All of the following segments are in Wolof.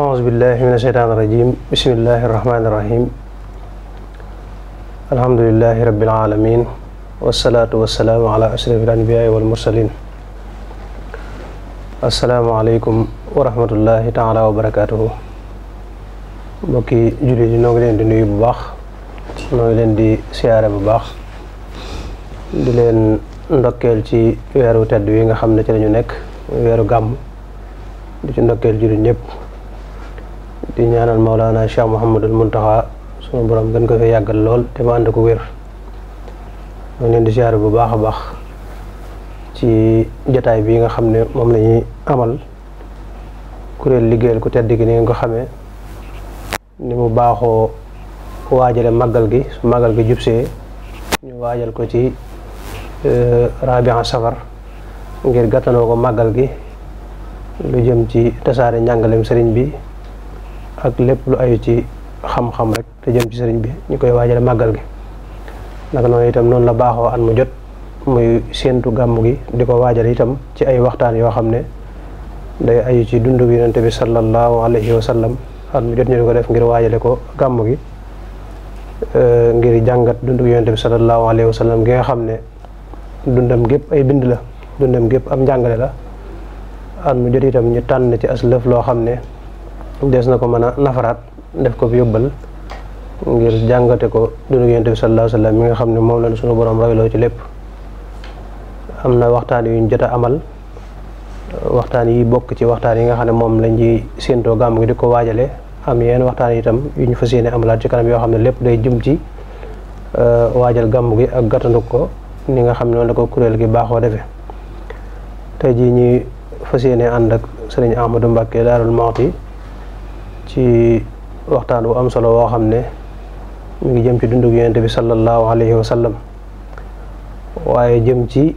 أعوذ بالله من الشيطان الرجيم بسم الله الرحمن الرحيم الحمد لله رب العالمين والصلاة والسلام على أشرف الأنبياء والمرسلين asalaamaaleykum wa rahmatullahi taala wa barakaatuhu mbokki jullit yi noo leen di nuyu bu baax noo leen di siyaare bu baax di leen ndokkeel ci weeru tedd wi nga xam ne ci lañu nekk weeru gàmm di ci ndokkeel jullit ñëpp di ñaanal Maulana Cheikh Mouhamadul Muntaxa suma boroom gën ko fi yàggal lool te ma ànd ko wér ñoo leen di siyaare bu baax a baax ci jataay bi nga xam ne moom lañuy amal kuréel liggéeyal ku tedd gi ni nga ko xamee ni mu baaxoo waajale màggal gi su màggal gi jubsee ñu waajal ko ci euh, rabian safar ngir gàttanoo ko màggal gi lu jëm ci tasaare njàngalem sëriñ bi ak lépp lu aju ci xam-xam rek te jëm ci sëriñ bi ñu koy waajale màggal gi naka noonu itam noonu la baaxoo at mu jot muy séentu gàmm gi di ko waajale itam ci ay waxtaan yoo xam ne day aju ci dundu bi yonente bi sallallahu alayhi wa sallam jot ñu di ko def ngir waajale ko gàmm gi e, ngir jàngat dundu bi yonente bi sallallahu alayhi wa gi nga xam ne dundam gépp ay bind la dundam gépp am njàngale la at mu jot itam ñu tànn ci aslëf loo xam ne des na ko mën a nafaraat def ko fi yóbbal ngir jàngate ko dundu Yonent bi sallallahu alayhi mi nga xam ne moom la sunu borom royloo ci lépp am na waxtaan yu ñu jot a amal waxtaan yi bokk ci waxtaan yi nga xam ne moom lañ ci séentoo gàmm gi di ko waajale am yenn waxtaan yi yu ñu fas yéene amalaat ci kanam yoo xam ne lépp day jëm ci euh, waajal gàmm gi ak gàttandu ko ni nga xam ne noonu la ko kuréel gi baaxoo defe tey jii ñuy fas yéene ànd ak sëriñ Ahmadou Mbacke Daarul Muxti ci waxtaan bu am solo woo xam ne mu ngi jëm ci dundug yonente bi sallallahu alayhi wa sallam waaye jëm ci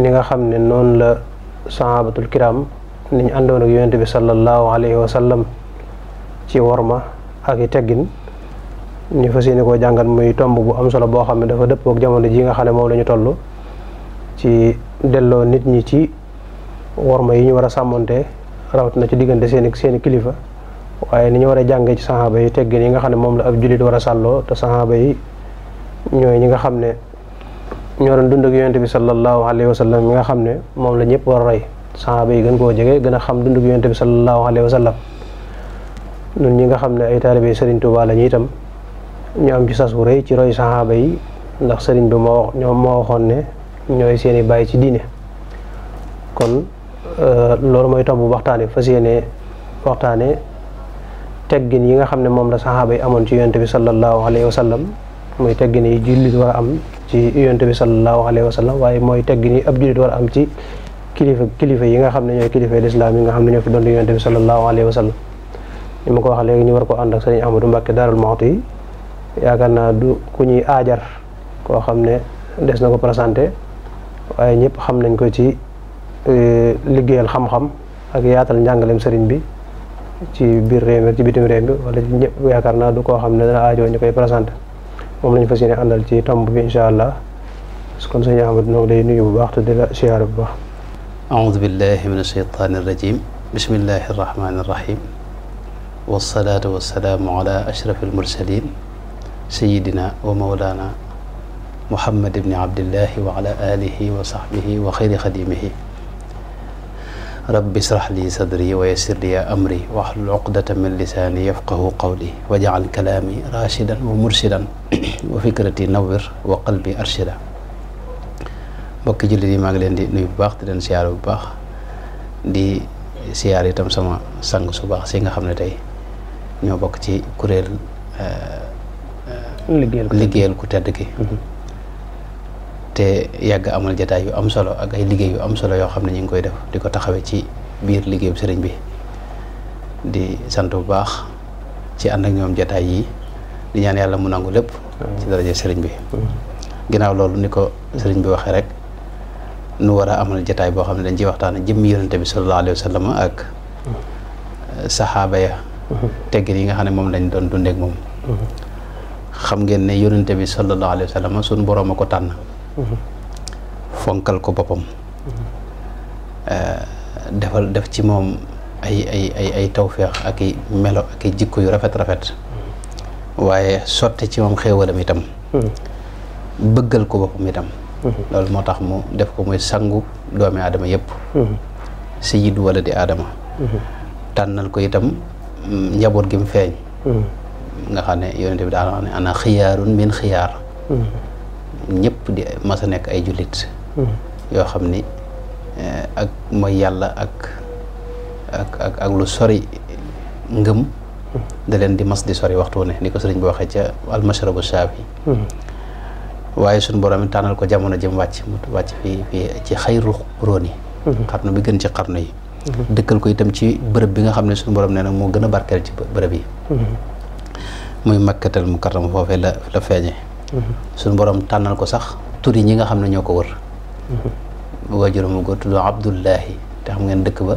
ni nga xam ne noonu la sahabatul kiram niñ àndoon ak yonente bi sallallahu alayhi wa sallam ci worma ak i teggin ñu fa yéene koo jàngat muy tomb bu am solo boo xam ne dafa dëppoo ak jamono ji nga xam ne moom la ñu toll ci delloo nit ñi ci worma yi ñu war a sàmmoonte rawat na ci diggante seen seeni kilifa waaye ni ñu war a jàngee ci saxaaba yi teggin yi nga xam ne moom la ab jullit war a sàlloo te saxaaba yi ñooy ñi nga xam ne ñoo doon dund ak yonente bi sallallahu alayhi wa sallam ñi nga xam ne moom la ñëpp war a roy saxaaba yi gën koo jege gën a xam dund ak bi sallallahu alayhi wa sallam ñi nga xam ne ay taalibe Serigne Touba la tam ñoo am ci sas wu rëy ci roy saxaaba yi ndax sëriñ bi moo waxoon ne ñooy seen i bàyyi ci diine kon euh, loolu mooy tomb waxtaane fas yéene waxtaane teggin yi nga xam ne moom la saxaaba yi amoon ci yonte bi sallallahu alayhi wa sallam mooy teggin yi jullit war a am ci yonte bi sallallahu alayhi wa sallam waaye mooy teggin yi ab jullit war a am ci kilifa kilifa yi nga xam ne ñooy kilifa lislaam yi nga xam ne ñoo fi doon yonte bi sallallahu alayhi wa ñu ni ma ko wax léegi ñu war ko ànd ak sëriñ Amadou Mbacke Darou Mouhty yaakaar naa du ku ñuy aajar koo xam ne des na ko présenté waaye ñëpp xam nañ ko ci euh, liggéeyal xam ak yaatal njàngaleem sëriñ bi ci biir réew mi ci bitim réew mi wala ñëpp yaakaar naa du koo xam ne dana aajoo ñu koy présenté moom lañu fas yéene àndal ci tomb bi incha allah kon sëñ Ahmad noo ngi lay nuyu bu baax te di la siyaare bu baax aoudu billahi min asheytaani irrajim bismillahi arrahmani irrahim wasalaatu wasalaamu ala ashraf almursalin sayidina wa mawlana muhammad ibni abdillahi wa ala alihi wa sahbihi wa xayri xadimihi rabbi israh li sadri wa yassir li amri wahlul uqdatan min lisani yafqahu qawli waj'al kalami rashidan wa murshidan wa fikrati nawwir wa qalbi arshida mbokki jullit yi maa ngi leen di nuyu bu baax di leen siyaar bu baax di siyaar itam sama sang su baax si nga xam ne tey ñoo bokk ci kuréel euh, liggéeyal ku tedd ki te yàgg amal jataay yu am solo ak ay liggéey yu am solo yoo xam ne ñu ngi koy def di ko taxawee ci biir liggéeyu sëriñ bi di sant bu baax ci ànd ak ñoom jataay yi di ñaan yàlla mu nangu lépp ci daraje sëriñ bi ginnaaw loolu ni ko sëriñ bi waxee rek nu war a amal jataay boo xam ne dañ ciy waxtaan jëmmi yonente bi sallallahu alayhi wa sallam ak saxaaba ya teggin yi nga xam ne moom lañ doon dundeek moom xam ngeen ne yonente bi sallallahu alayhi wa sallam suñu boroom a ko tànn fonkal ko boppam eh, defal def ci moom ay ay ay ay tawféex ak i melo ak i jikko yu rafet rafet waaye sotte ci moom xéewalam itam bëggal ko boppam itam loolu moo tax mu def ko muy sangu doomi aadama yëpp sayyidu wala di adama tànnal ko itam mm, njaboot gi mu feeñ nga xam ne yonente bi xam ne ana xiyaarun min xiyaar ñëpp di mas nekk ay jullit hmm. yoo xam ni eh, ak mooy yàlla ak ak ak lu sori ngëm hmm. da leen di mas di sori waxtu ne ni ko sëriñ bi waxee ca almashrabu shaafi hmm. waaye sunu borom mi tànnal ko jamono jëm wàcc wàcc fii fii ci xayru róon yi xarnu bi gën ci xarnu yi dëkkal ko itam ci bërëb bi nga xam ne suñu borom ne na moo gën a barkeel ci bërëb yi muy makkatal mukarram foofee la feeñe suñu borom tànnal ko sax tur ñi nga xam ne ñoo ko wër waajur mu góor tuddoo Abdullahi te xam ngeen dëkk ba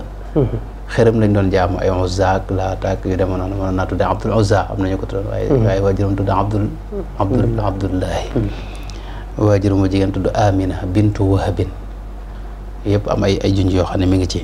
xërëm lañ doon jaam ay Uzza ak Laata ak yu demee noonu mën naa tuddee Abdul Uzza am nañu ko tuddoon waaye mhm. waaye waajuram tudd Abdul Abdul mhm. Abdullahi mhm. waajuram jigéen tudd Amina bintu Wahabin yëpp am ay ay junj yoo xam ne mi ngi ci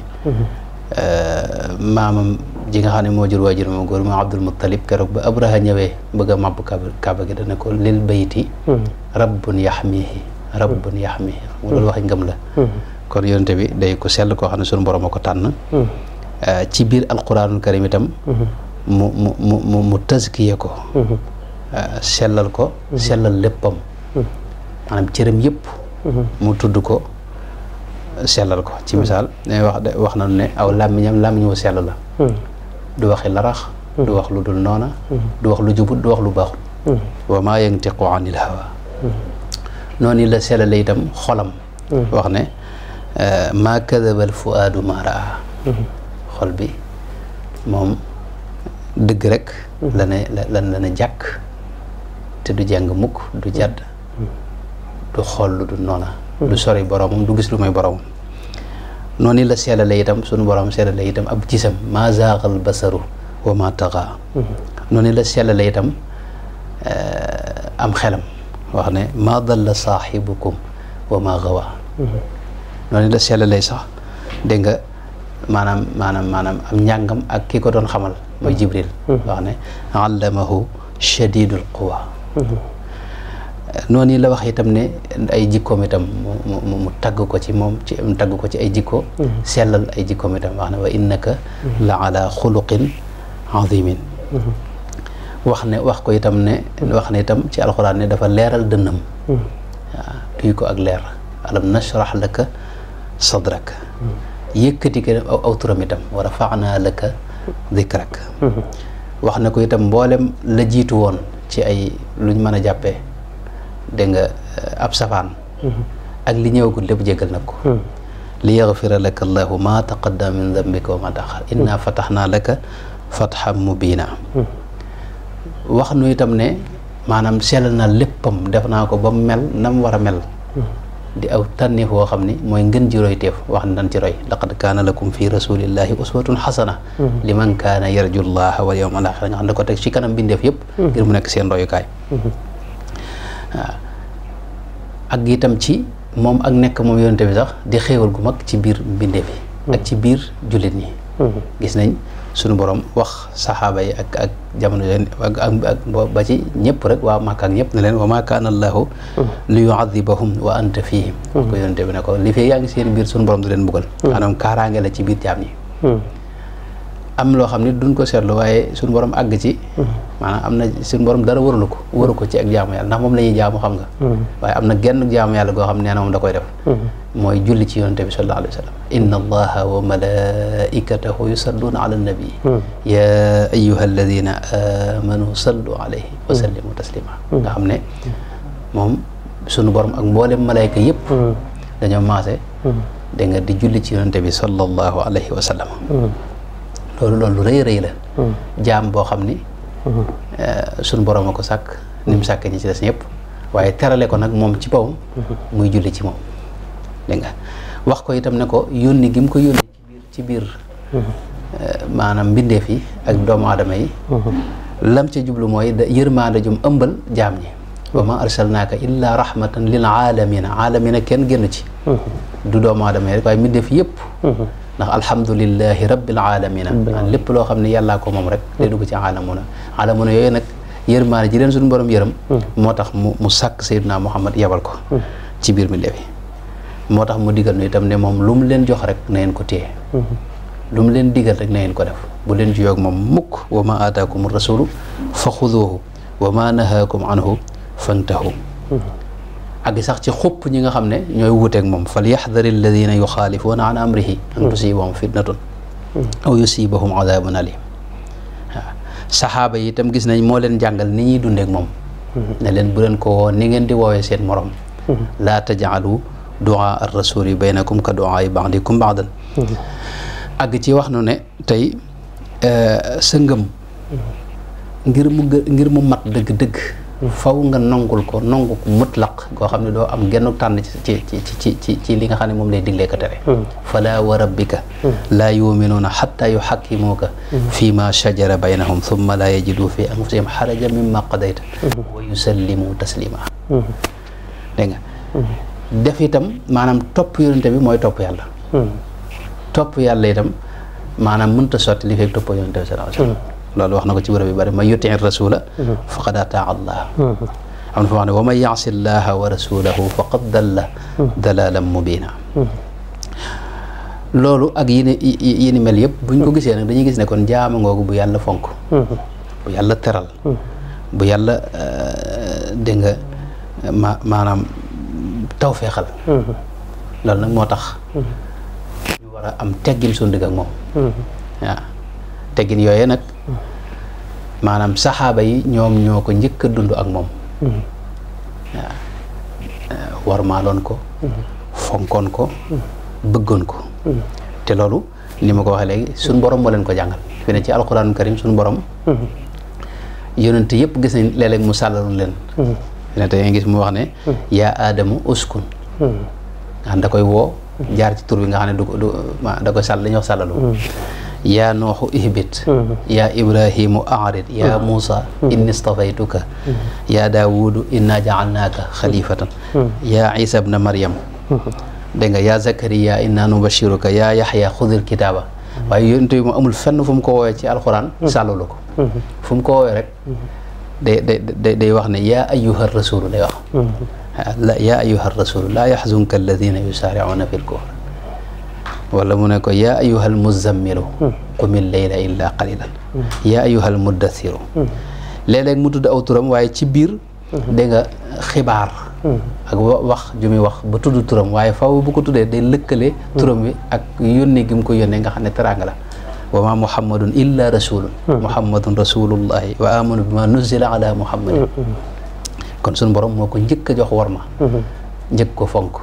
Euh, maamam ji nga xam ne moo jur waajur moom góor moom Abdul Muttalib keroog ba Abraha ñëwee bëgg a màbb kaaba kaaba gi dana ko lil bayti hmm. rabbun yaxmihi rabbun yaxmihi xam hmm. nga loolu wax la hmm. kon yonente bi day ko sell koo xam ne suñu borom a ko tànn euh, ci biir alquranul karim itam mu mu mu ko euh, sellal ko sellal léppam maanaam cëram yëpp mu tudd ko sellal ko ci misaal dañuy wax wax nañu ne aw làmmiñam làmmiñ wu sell la hmm. du waxi larax hmm. du wax lu dul noona hmm. du wax lu jubut du wax lu baaxut wa maa yantiqu anil hawa noonu la sellale itam xolam wax ne eh, maa kadabal fuaadu maa raa xol bi moom dëgg rek la ne jàkk te du jàng mukk du jàdd du xool lu dul noona du sori boromam du gis lu may boromam noonu la seddale itam sunu borom seddale itam ab gisam maa zaaxal basaru wa maa taxaa mhm. noonu la seddale itam eh, am xelam wax ne maa dalla saaxibukum wa maa gawaa mhm. noonu la seddale sax dégg nga maanaam maanaam maanaam am njàngam ak ki ko doon xamal mooy mhm. jibril wax ne allamahu shadidul quwa noonu la wax itam ne ay jikkoom itam mu mu ko ci moom ci mu tagg ko ci ay jikko mm-hmm. sellal ay jikkoom itam wax ne wa innaka mm-hmm. mm-hmm. wax ne wax ko itam ne wax ne itam ci alxuraan ne dafa leeral dënnam waaw duy ko ak leer alam nashrah laka sadrak yëkkati ko aw aw turam itam wa rafaanaa laka dikrak wax na ko itam mboolem la jiitu woon ci ay luñ mën a jàppee dégg nga euh, ab safaan mm-hmm. ak li ñëwagul lépp jégal nag ko mm. li yaxfira laka allahu ma taqaddama min dambika wa ma taaxar mm. inna fataxnaa laka fatxan mubiina mm. wax nu yitam ne maanaam sellal na léppam def naa ko ba mu mel na mu war a mel di aw tànneef woo xam ni mooy ngën ji roy teef wax ne dañ ci roy laqad kaana lakum fi rasulillahi uswatun xasana li man yarju llaha wal yawmal axira ko teg ci kanam bindeef yëpp ngir mu nekk seen royukaay mm-hmm. waaw ak itam ci moom ak nekk moom yonent bi sax di xéewal gu mag ci biir mbindeef yi mm-hmm. ak ci biir jullit ñi mm-hmm. gis nañ suñu borom wax saxaaba yi ak ak jamono leen ak ak ba ci ñëpp rek waa Makka ak ñëpp leen wa maa kaana allaahu mm-hmm. li yuadibahum wa anta fihim wax ko bi ne li fee seen biir suñu borom du leen buggal maanaam kaaraange la ci biir jaam ñi am loo xam ne duñ ko seetlu waaye suñu borom àgg ci maanaam am na suñu borom dara waralu ko waru ko ci ak jaamu yàlla ndax moom la ñuy jaamu xam nga hmm. waaye am na genn jaamu yàlla goo xam nee da koy def hmm. mooy julli ci yonente bi sallallahu alayhi wa sallam inna allaha wa malaikatahu yusalluuna ala nabi hmm. ya ayuha ne moom sunu borom ak mboolem malayka yëpp dañoo maase da nga di julli ci yonente bi sallallahu alayhi wa loolu loolu rëy rëy la jaam boo xam ni Eh, suñ borom a ko sàkk ni mu sàkk ñi ci des ñëpp waaye terale ko nag moom ci bawam muy julli ci moom dégg nga wax ko itam ne ko yónni gi mu ko yónni ci biir eh, maanaam mbindeef yi ak doomu aadama yi lam ca jublu mooy da yërmaande jum ëmbal jaam ñi wa ma arsalnaaka illa rahmatan lil aalamina aalamina kenn génn ci du doomu aadama yi rek waaye mbindeef yëpp ndax alhamdulilahi rabbil alamina lépp loo xam ne yàllaa ko moom rek day dugg ci alamuna alamuna yooyu nag yërmaane ji leen suñu yërëm hmm. moo tax mu mu sàkk sayyidina muhammad yabal ko hmm. ci biir mi lebi moo tax mu digal nu itam ne moom lu mu leen jox rek na ngeen ko téye hmm. lu mu leen digal rek na ngeen ko def bu leen jiyoog moom mukk wa ma aataakum rasulu fa xuduuhu wa ma nahaakum anhu fantahu àgg sax ci xupp ñi nga xam ne ñooy wuuteeg moom fa fal yaxdari alladina yuxaalifuuna an amrihi an hmm. tusibahum fitnatun hmm. aw yusibahum adabun alim waaw saxaaba yi itam gis nañ moo leen jàngal ni ñuy dundeek moom hmm. ne leen bu leen ko woo ni ngeen di woowee seen morom laa tajaalu duaa ar rasuli baynakum ka duaa yi baadikum baadan àgg ci wax nu ne tey eh, sëngam ngëm ngir mu ngir mu mat dëgg-dëgg faw nga nongul ko nongu ko mutlaq koo xam ne doo am genn tànn ci ci ci ci ci li nga xam ne moom lay diglee ko tere hmm. fala wa rabbika hmm. laa yuminuuna xatta yuxakkimuuka hmm. fi ma shajara baynahum thumma laa yajidu fi anfusihim xaraja mimma qadayta wa yusallimu taslima dégg nga def itam maanaam topp yonente bi mooy topp yàlla topp yàlla itam maanaam mënta sotti li fekk topp yonente bi sallallahu alayhi wasallam loolu wax na ko ci bërëb yu bëri man yutii rasula faqad ataa allah am na fa wax ne wa man yaasi llaha wa rasulahu faqad dalla dalalan mubina loolu ak yi ni yi ni mel yëpp buñ ko gisee nag dañuy gis ne kon jaama ngoogu bu yàlla fonk bu yàlla teral bu yàlla euh, dégg nga ma maanaam taw feexal loolu nag moo tax ñu war a am teggin suñu digg ak moom waaw teggin yooyee nag maanaam saxaaba yi ñoom ñoo ko njëkk a dund ak moom mm-hmm. waaw warmaaloon ko mm-hmm. fonkoon ko mm-hmm. bëggoon ko te loolu ni ma ko waxee léegi suñ borom moo leen ko jàngal fi ne ci alxuraanul karim suñ borom yonent yëpp gis nañ léeg-léeg mu sàllalu leen fi ne tey gis mu wax ne yaa aadamu uskun nga xam da koy woo jaar ci tur nga xam ne da koy sàll dañuy sàllalu yaa nooxu ihbit mm-hmm. yaa ibrahimu arid yaa mm-hmm. muusa mm-hmm. inni stafaytuka yaa daawudu inna jacalnaaka xalifatan yaa isa bna maryam dégg nga yaa zakariya inna nubashiruka yaa yaxya xudil kitaaba waaye yonent bi moom amul fenn fu mu ko woowee ci alxuraan sàllalu ko fu mu ko woowee rek day day day wax ne yaa ayyuha rasulu day wax yaa ayyuha rasulu laa yaxzunka alladina yusaaricuuna fi lkufr wala mu ne ko yaa ayyuhal muzammilu hmm. qumil layla illa qalilan hmm. yaa ayyuhal muddasiru hmm. léeg-léeg mu tudd aw turam waaye ci biir de nga xibaar ak wax ju muy wax ba tudd turam waaye faw bu ko tuddee day lëkkale turam wi ak yónnee gi mu ko yónnee nga xam ne teraanga la wa maa muhammadun illa rasulun muhammadun rasulullahi wa amanu bima nuzila ala muhammadin kon suñu borom moo ko njëkk a jox war ma njëkk ko fonk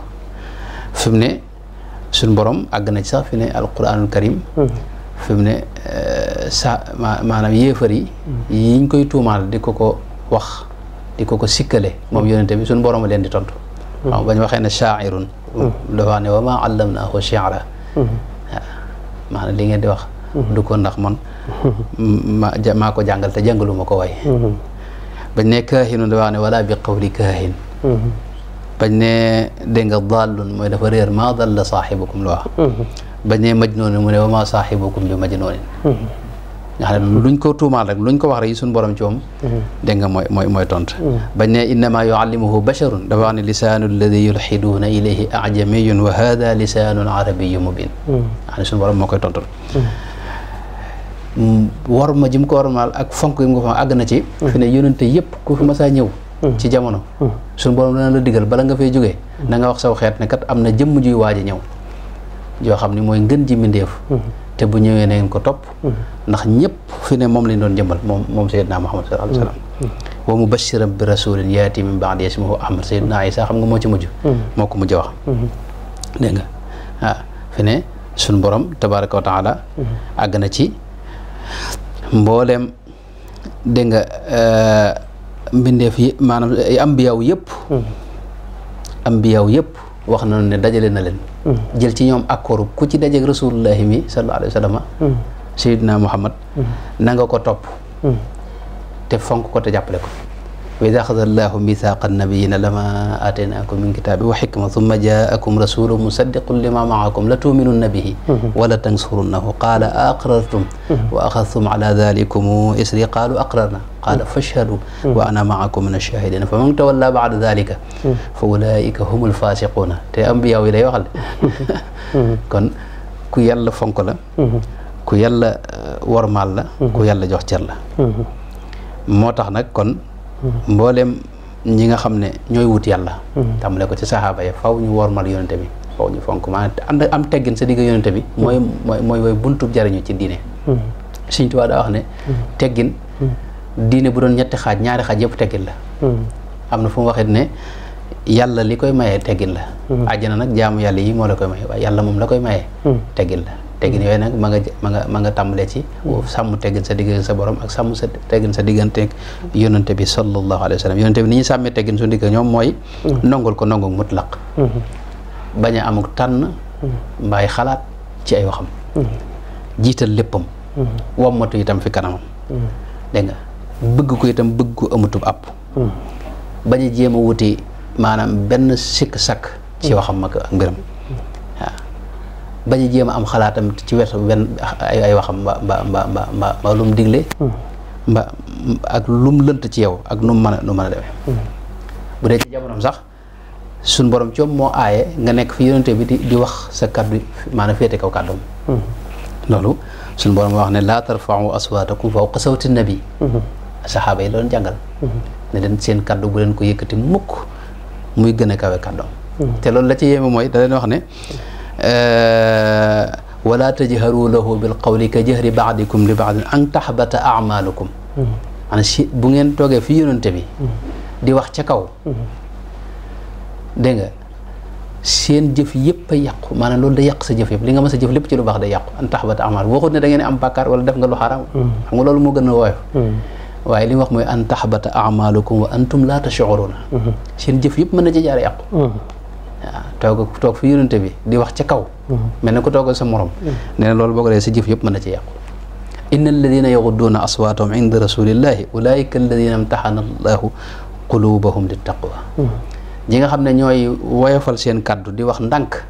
fi ne suñ borom àgg na ci sax fi ne alquranul karim hmm. fi ne eh, sa maanaam yéefar hmm. yiñ koy tuumaal di ko ko wax di ko ko sikkale moom hmm. yonente bi suñ borom a leen di tontu waaw bañ waxee ne shaairun dafa ne wa maa allamnaahu shi'ra waaw di wax du ko ndax man ma maa ko jàngal te jàngaluma ko way bañ ne kaahinun dafa ne wala bi qawli kaahin bañ ne dégg nga dallun mooy dafa réer maa dalla saaxibukum la wax mhm. bañ ne majnoon mu ne wa maa saaxibukum bi majnoonin mhm. nga xam ne luñ ko tuumaal rek luñ ko wax rek yi suñ borom ci moom mhm. dégg nga mooy mooy mooy tont bañ ne innama yuallimuhu basharun dafa wax ne lisaanu alladi yulxiduuna ilayhi ajamiyun wa hada lisaanun arabiyu mubin nga xam ne suñu borom moo koy tontul mm, war ma jim ko warmaal ak fonk yi mu ko fa àgg na ci fi ne yonente yëpp ku fi masaa ñëw Mmh. ci jamono mmh. suñu borom dana la digal bala nga fay jógee mmh. na nga wax saw xeet ne kat am na jëmm juy waaj a ñëw yoo xam ni mooy ngën ji mbindeef te bu ñëwee na ngeen ko topp ndax ñëpp fi ne moom lañ doon jëmbal moom moom Seydina Muhammad sallallahu alayhi wa sallam wa mubashiran bi rasulin yaati min ba'di ismuhu ahmad Seydina Isa xam nga moo ci mujj moo ko mujj wax dégg ah, na ci mbooleem dégg euh, mbindeef yi maanaam ambiyaaw yëpp hmm. ambiyaaw yëpp wax nañu ne dajale na leen hmm. jël ci ñoom accord ku ci dajeeg rasulullahi mi sallallahu alayhi wa sallam hmm. sayidina muhammad na ko topp te fonk ko te jàppale ko wa ida axada allahu mithaqa annabiyina lama ataynakum min kitaabi wa xikma thumma jaakum rasulu musaddiqun lima maakum la tuuminunna bihi wala tansurunnahu qaala aqrartum wa axadtum ala dalikum isri qaalu aqrarna qaala fashhadu wa ana maakum min ash-shahidina fa man tawalla baada dalika fa ulaika hum alfasiquuna te ambiya yi lay waxal kon ku yàlla fonk la ku yàlla eh, wormaal la ku yàlla jox cër la moo tax nag kon mbooleem ñi nga xam ne ñooy wut yàlla tàmbale ko ci saxaaba ya faw ñu wormal yonente bi faw ñu fonk maanaam am teggin sa digg yonente bi mooy mooy mooy buntub jariñu ci diine Sëñ Tuubaa daa wax ne teggin diine bu doon ñetti xaaj ñaari xaaj yëpp teggin la hmm. am na fu mu waxee ne yàlla li koy maye teggin la hmm. àjjana nag jaamu yàlla yi moo la koy maye waaye yàlla moom la koy maye hmm. teggin la teggin yooyu nag ma nga ma nga ma nga tàmbalee ci sàmm teggin sa diggante sa borom ak sàmm sa teggin sa digganteeg yonante bi sallallahu alayhi wa sallam yonante bi ni ñu sàmmee teggin su ndigg ñoom mooy nongul ko nongu mutlaq bañ a amuk tànn mbaay xalaat ci ay waxam jiital léppam wammatu tam fi kanamam dégg bëgg ko itam bëgg ko amatub àpp hmm. bañ a jéem a wute maanaam benn sikk sakk ci hmm. waxam ak mbiram waaw bañ a jéem a am xalaatam ci wetu benn ay ay waxam mba mba mba mba mba mba lu mu digle mba hmm. ak lu mu lënt ci yow ak nu mu mën a nu mën a demee bu dee ci jamonoom sax suñ borom coom moo aaye nga nekk fi yonente bi di di wax sa kàddu maanaam féete kaw kàddoom loolu suñ borom wax ne laa tarfa'u aswaatakum fawqa sawti nabi saxaaba yi la doon jàngal. Mhm. ne leen seen kaddu bu leen ko yëkkati mukk muy gën a kawe kaddoom. Mhm. te loolu la ci yéeme mooy da leen wax ne. Euh, wala tajharu lahu bil qawli ka jahri baadikum li baadin an taxbata amalukum. Mhm. maanaam si bu ngeen toogee fi yonente bi. di wax ca kaw. dégg nga seen jëf yëpp a yàqu maanaam loolu da yàq sa jëf yëpp li nga mës a jëf lépp ci lu baax day yàqu an taxbata amalukum waxut ne da ngeen am bàkkaar wala def nga lu xaraam. xam moo gën a woyof. waaye li wax mooy an taxbata amalukum wa antum la tashuruna mhm. seen jëf yëpp mën na ci jaar yàqu mhm. waaw toog toog fi yonente bi di wax ca kaw mhm. mel na ko toog sa morom nee loolu boo ko sa jëf yëpp mën na ci yàqu inna alladina yaxudduuna aswaatahum inda rasulillahi ulaika alladina imtaxana allahu quluubahum li taqwa ñi nga xam ne ñooy woyofal seen kaddu di wax ndànk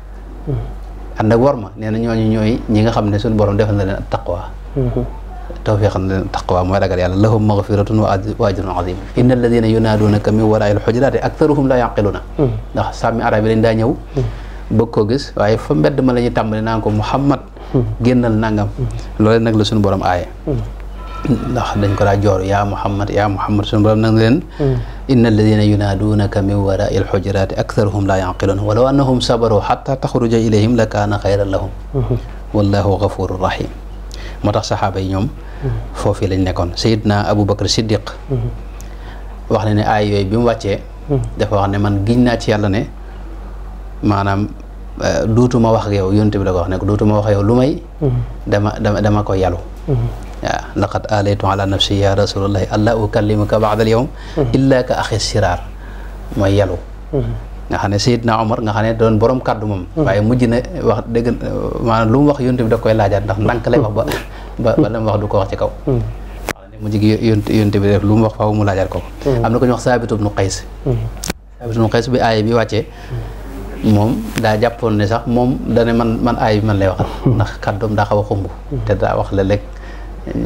ànd ak war ma nee na ñooñu ñooy ñi nga xam ne seen borom defal na leen taqwa tawfiqan leen taqwa mooy ragal yàlla lahum maghfiratun wa ajrun azim inna alladina yunaaduunaka min waraa'il xujuraati aktharuhum la yaqiluna hmm. ndax sàmmi arab yi lañ daa ñëw hmm. bëgg koo gis waaye fa mbedd ma la ñuy tàmbali naan ko muhammad hmm. génnal nangam loole nag la suñu borom aaye ndax dañ ko daa jooru yaa muhammad yaa muhammad suñu borom nag leen inna alladina yunaaduunaka min waraai alxujuraati aktharuhum la yaqiluun walaw annahum sabaru xata taxruja ilayhim la kaana xayran lahum wallahu gafuru rahim moo tax saxaaba yi ñoom foofii lañ nekkoon sayidna abou bakar siddiq wax na ne aay yooyu bim mu wàccee dafa wax ne man giñ naa ci yàlla ne maanaam euh, duutuma wax ak yow yonent bi da ko wax ne ko duutuma wax yow lu dama dama dama ko yalu waaw laqad alaytu ala nafsi ya rasulullahi alla ukallimuka ba'da al yawm illa ka axi siraar mooy yalu nga xam ne Seydina Omar nga xam ne doon borom kàddu moom hmm. waaye mujj na wax dëgg maanaam lu mu wax yonent bi da koy laajaat ndax ndànk lay wax ba ba la mu wax du ko wax ci kaw hmm. Hmm. mujj gi yonent bi def lu mu wax faaw mu laajaat ko am na ko ñu wax Saabit ibnu Qays Saabit ibnu Qays bi aaya bi wàccee moom daa jàppoon ne sax a xumb la lekk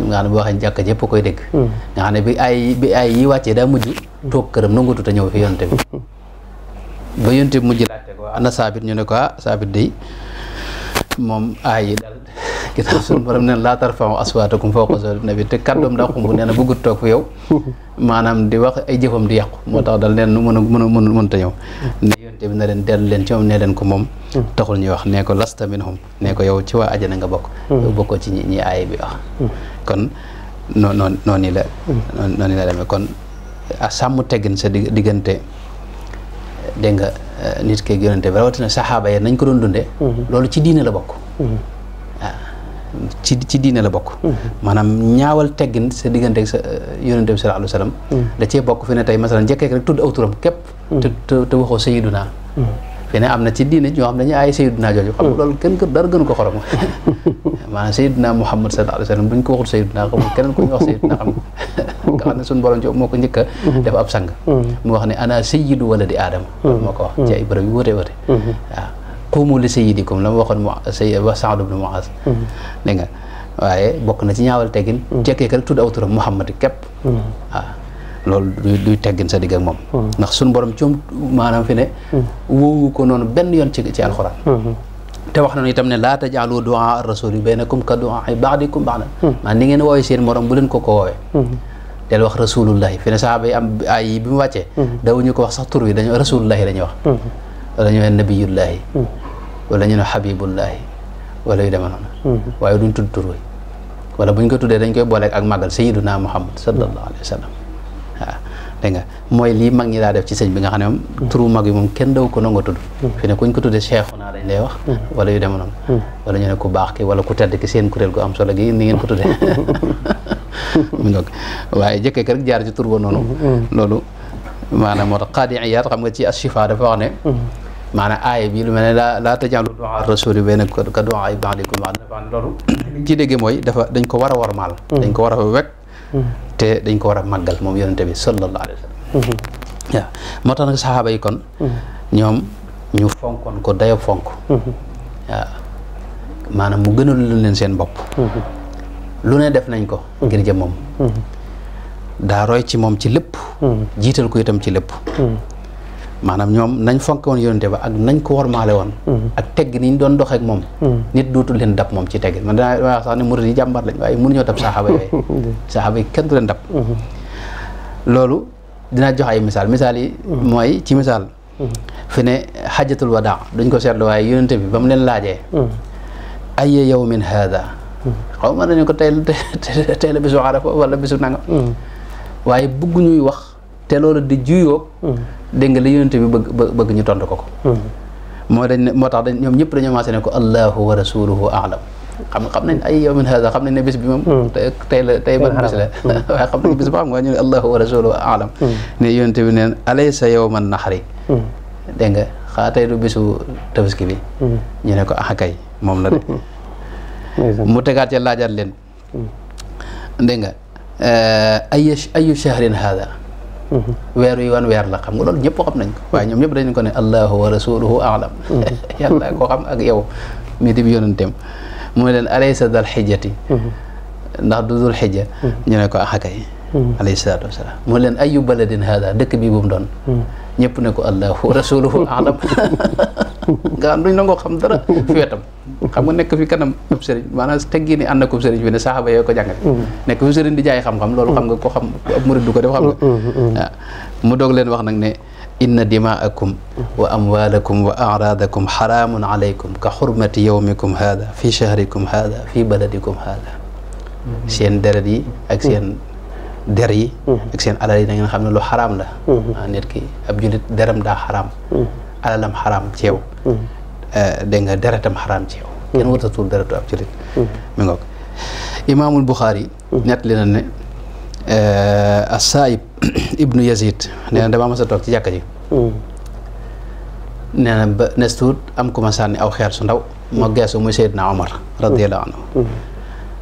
nga xam ne boo waxee jàkk ñëpp koy dégg nga xam ne bi ay bi ay yi wàccee daa mujj toog këram nangutu te ñëw fi yonent bi ba yonte mujj laajte ko ana saabit ñu ne ko ah saabit day moom aay yi daal ginnaaw suñu borom neen laa tarfa'u aswaatakum fawqa sawti nabi te kàddoom daa xumb nee na bëggut toog fu yow maanaam di wax ay jëfam di yàqu moo tax dal neen nu mën mën a mën mënta ñëw hmm. ne yonte bi na leen dellu leen moom ko moom hmm. taxul ñuy wax nee ko lasta minhum nee ko yow ci waa ajana nga bokk hmm. yow bokkoo ci ñi ñi aay bi wax kon noon la noonu la demee kon a ah, sàmm teggin sa diggante dégg nga euh, nit keeg yonente bi rawatina saxaaba ya nañ ko doon dundee. Mhm. loolu ci diine la bokk. waaw mhm. ah, ci ci diine la bokk. Mhm. maanaam ñaawal teggin sa diggante ak sa euh, yonente sa sallallahu alayhi wasallam da cee bokk fi ne tey masalan njëkk rek tudd aw turam képp. te te waxoo sayyiduna xëy na am na ci diine ñoo xam dañuy aay hmm. loolu kenn gën dara gënu ko xorom maanaam Sayyiduna Muhammad sallallahu alayhi wa sallam buñ ko waxul Sayyiduna xam keneen ku ñu wax Sayyiduna xam hmm. nga xam ne suñu borom ci moo ko a hmm. def ab sang mu wax ne ana sayyidu waladi aadama loolu moo ko wax ci ay bërëb yu wute wute waaw qumu li sayyidikum la ma waxoon mu say wa Saad ibn Muaz dégg nga waaye bokk na ci ñaawal teggin jekkee ka tudd aw Muhammad képp loolu duy teggin sa digg ak moom hmm. ndax suñu borom coom maanaam fi ne hmm. wóowu ko noonu benn yoon ci ci alxuraan hmm. te wax nañu itam ne laa tajaalu duaa rasuli baynakum ka duaa baadikum baadan maa ni ngeen bu leen ko ko woowee del wax rasulullahi fi ne saxaaba yi am ay yi ko wax sax tur wi dañu rasulullahi la ñuy wax wala ñu ne nabiyullahi wala ñu ne habibullahi wala yu demee noonu waaye duñ tudd tur wi buñ ko tuddee dañ koy booleeg ak màggal sayiduna muhammad sallallahu alayhi wa waaw dégg nga mooy lii mag ñi laa def ci sëñ bi nga xam ne moom turu mag yi moom kenn daw ko nangoo tudd mm-hmm. fi ne kuñ ko tudde cheikhu naa lañ lay wax mm-hmm. wala yu deme noonu mm-hmm. wala ñu ne ku baax ki wala ku tedd ki seen kuréel gu am solo gi ni ngeen ko tuddee mu ngoog waaye jëkkee ko rek jaar ci tur ba noonu loolu maanaam moo tax xaadi iyaat xam nga ci ashifa dafa wax ne maanaam aaya bi lu mel ne laa laa tajaalu du'a rasuli benn ka du'a yi ba'dikum ba'd loolu liñ ci déggee mooy dafa dañ ko war a war warmaal dañ ko war a wekk te dañ ko war a màggal moom yonente bi sallallahu alayhi wa sallam waaw mhm. moo tax nag saxaaba kon mhm. ñoom ñu fonkoon ko dayo fonk mhm. maanaam mu gënal lu leen seen bopp lu ne def nañ ko ngir jëm moom daa roy ci moom ci lépp jiital ko itam ci lépp maanaam ñoom nañ fonk woon yonente ba ak nañ ko wormaale woon mhm. ak tegg ni doon doxeek moom mhm. nit dootul leen dab moom ci tegg man danaa wax sax ne murid yi jàmbar lañ waaye mënuñoo dab saxaaba yooyu saxaaba mhm. jox ay misaal misaal yi mooy ci misaal fi ne xajatul wadaa duñ ko seetlu waaye yonente bi ba mu leen laajee ay yawmin haada xaw ma nañu ko tey tey la bisu arafa wala bisu nanga waaye bugg ñuy wax te loolu di juyoog dégg nga li yonente bi bëgg ñu tontu ko hmm. moo dañ ne moo tax dañ ñoom ñëpp dañoo maase ne ko allahu wa rasuluhu aalam xam nga xam nañ ay yawmin haza xam nañ ne bis bi moom hmm. tey la tey ban bis la hmm. waaye xam nañ bis ba xam nga ñu ne allahu wa bi neen alaysa yawman naxri dégg nga xaa tey du bisu tabaski bi ñu ne ko ah moom la de mu tegaat ca laajaat leen dégg nga eh, ayu ayu shahrin weer wi wan weer la xam nga loolu ñëpp xam nañ ko waaye ñoom ñëpp dañu ko ne allahu wa rasuluhu alam mhm. yàlla ko xam ak yow mi di yonenteem mu ne leen alaysa dal xijjati mhm. ndax du dul xijja mhm. ñu ne ko axakay ah, alayhi salaatu wasalaam mu leen ayu baladin haada dëkk bii doon ñëpp ne ko allahu wa rasuluhu alam nga duñ nangoo xam dara fi wetam xam nga nekk fi kanam ab sëriñ maanaam teggi ni ànd ak ne saxaaba yooyu ko jàngale mm-hmm. nekk fi sëriñ di jaay xam-xam loolu xam nga ko xam du ko def xam mm-hmm, mm-hmm, mu doog leen wax nag ne inna dimaakum wa amwaalakum wa araadakum xaraamun alaykum ka xurmati fi shahrikum haada fi baladikum haada seen deret yi ak seen der xam ne lu xaraam la nit ki ab julit deram alalam xaraam ci Eh, dégg nga deretam xaraam ci yow. Hmm. kenn warta tuur deretu ab jullit. Hmm. mi ngoog imaamul Buxaari. ñett hmm. li na ne eh, Asaib ibnu Yazid nee na damaa mas toog ci jàkka ji. ne na ba nes tuut am ku ma aw xeer su ndaw. moo geesu muy Seydina Omar radiyallahu anhu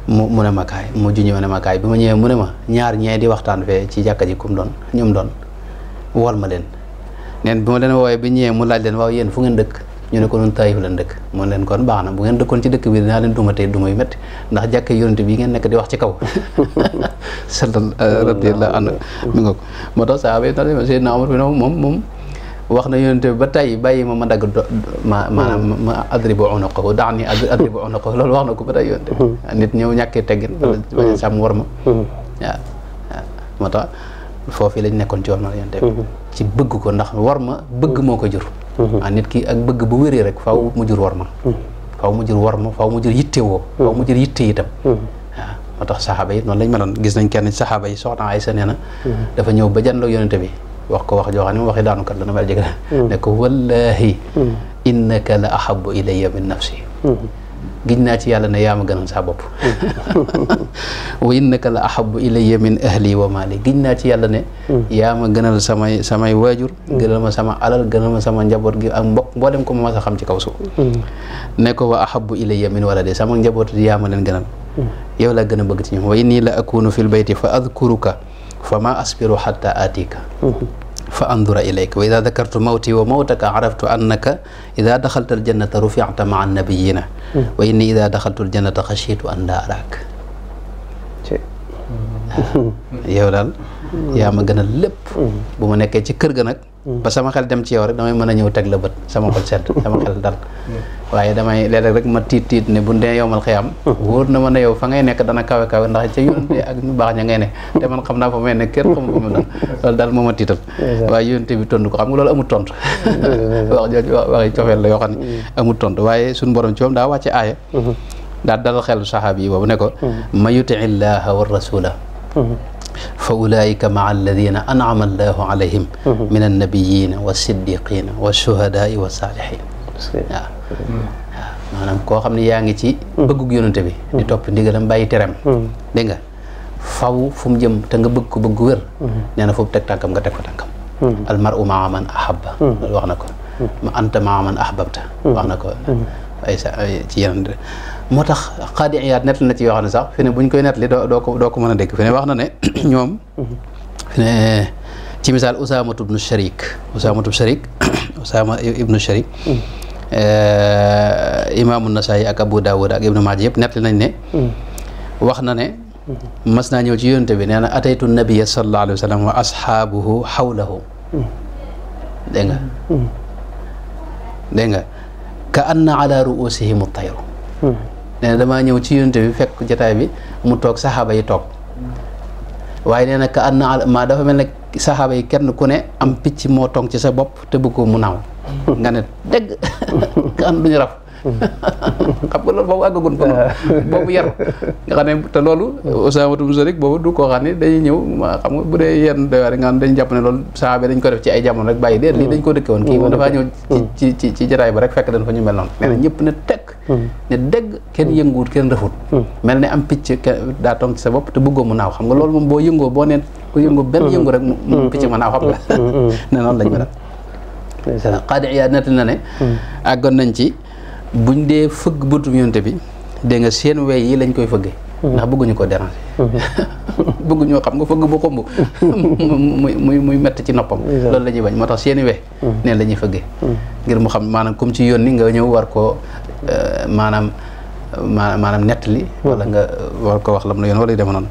mu mu ne ma kaay mu juñëw ne ma kaay bi ma ñëwee mu ne ma ñaar ñee di waxtaan fee ci jàkka ji kum doon ñum doon wool ma leen neen bi ma leen woowee bi ñëwee mu laaj leen waaw yéen fu ngeen dëkk ñu ne ko noonu taayif lan dëkk mën leen kon baax na bu ngeen bi dinaa leen duma tey duma yu métti ndax jàkk yonent bi ngeen nekk di wax ci kaw sallal radiyallahu moo tax saaba na yonent ba tey bàyyi ma ma dagg hmm. ma ma adribu unuqahu daani adribu unuqahu loolu wax na ko ba tey yonent bi hmm. ah, nit ñëw ñàkkee teggin hmm. wala sàmm war ma waaw waaw moo tax foofu lañ nekkoon ci war ma yonent bi ci bëgg ko ndax war ma bëgg moo ko jur Mm-hmm. ah nit ki ak bëgg bu wéree rek faaw mu jur war ma mm-hmm. faaw mu jur war ma faaw mu jur yitte woo mm-hmm. faaw mu jur yitte itam ah, moo tax saxaaba yi noonu lañ meloon gis nañ kenn ci saxaaba yi soxna Aysa nee na dafa ñëw ba jàndoog yonente bi wax ko wax joo xam ne mu waxi daanukat la na mel jëg ne ko wallahi innaka la ahabu ilayya min nafsi giñ naa ci yàlla ne yaa ma gënal saa bopp mm-hmm. wa innaka la ahabu ilayya min ahli wa mali giñ naa ci yàlla ne mm-hmm. yaa ma gënal samay samay waajur mm-hmm. gënal ma sama alal gënal ma sama njaboot gi ak mbokk mboolem ko ma mas a xam ci kaw ne ko wa ahabu ilayya min walade sama njaboot yaa ma leen gënal yow laa gën a bëgg ci ñoom la akunu fil bayti fa adkuruka fa ma asbiru hatta atika fa andura ilayka wa ida dakartu mawti wa mawtaka araftu annaka ida daxalta aljannata rufiata maa annabiyina wa inni ida daxaltu aljannata xashitu an laa araak yow daal mm. yaa ma gënal lépp mm. bu ma nekkee ci kër ga nag ba sama xel dem ci yow rek damay mën a ñëw teg la bët sama xol sedd sama xel dal waaye damay léeg-léeg rek ma tiit tiit ne bu dee yowmal xiyam wóor na ma a yow fa ngay nekk dana kawe kawe ndax ca yónte ak ñu baax ña ngay ne te man xam naa fa may nekk kenn xamu ko ma tiital waaye yónte bi tontu ko xam nga loolu amul tontu wax jooju waxi cofeel la yoo xam ne mm. amul tontu waaye suñu borom ci moom daa wàcce aaya mm-hmm. daa dalal xelu saxaab yi boobu ne ko mm-hmm. ma yuti illaha wa rasula mm-hmm. fa ulaayika maa alladina anama allahu alayhim mhm. min annabiyina wa siddiqina wa shuhadaai wa saalihin mhm. waaw maanaam koo xam ne yaa ngi ci mhm. bëggug yonante bi di topp ndigalam bàyyi teram dégg nga faw fu mu jëm te nga bëgg ko bëgg wér nee na foofu teg tànkam nga teg ko tànkam al mar u maa man ahabba wax na ko ma anta maa man ahbabta wax na ko ay sa ci yeneen moo tax xaadi iyaat nett na ci yoo xam ne sax fi ne buñ koy nett li doo ko doo ko mën fi ne wax na ne ñoom fi ne ci misaal usaamatu ibnu sharik usaamatu sharik usaama ibnu sharik eh, imaamu nasaayi ak abu daawud ak ibnu maaja yëpp nett nañ ne wax na ne mas naa ñëw ci yonent bi nee na ataytu nabiya sallallahu alayhi wa sallam wa ashaabuhu xawlahu dégg ala ruusihim tayru nee na damaa ñëw ci yonte bi fekk jataay bi mu toog saxaaba yi toog waaye nee nag ka ànd na maa dafa mel ne saxaaba yi kenn ku ne am picc moo toog ci sa bopp te bëgg ko mu naaw hmm. nga ne dëgg ka am duñu raf xam nga loolu boobu àggagun fa boobu yar nga xam ne te loolu Usaamatu du koo xam ne dañuy ñëw xam nga dañ ko def ci ay jamono rek bàyyi déet lii dañ ko dëkke woon kii moom dafaa ñëw mm. ci ci ci jataay ba rek fekk dañ fa ñu mel noonu mm. nee ñëpp ne tekk mm. ne dégg kenn yënguwut kenn rëfut mel ne am picc daa toog ci sa bopp te bëggoo mu naaw xam nga loolu moom boo yëngoo boo neen ku yëngu benn yëngu rek mu picc ma naaw xam nga ne noonu lañ mel xaadi iyaad nett na ne àggoon nañ ci buñ dee fëgg bëtum yonte bi dégg nga seen wey yi lañ koy fëggee. Mm-hmm. ndax bëgguñu ko déranger. Mm-hmm. bëgguñoo xam nga fëgg bu xomb. muy muy mett ci noppam. loolu la ñuy bañ moo tax seen i we. Mm-hmm. neen la ñuy fëggee. ngir mu xam maanaam comme ci yónni nga ñëw war ko eh, maanaam eh, maanaam nettali. wala nga war ko wax lam la yoon wala yu demee noonu.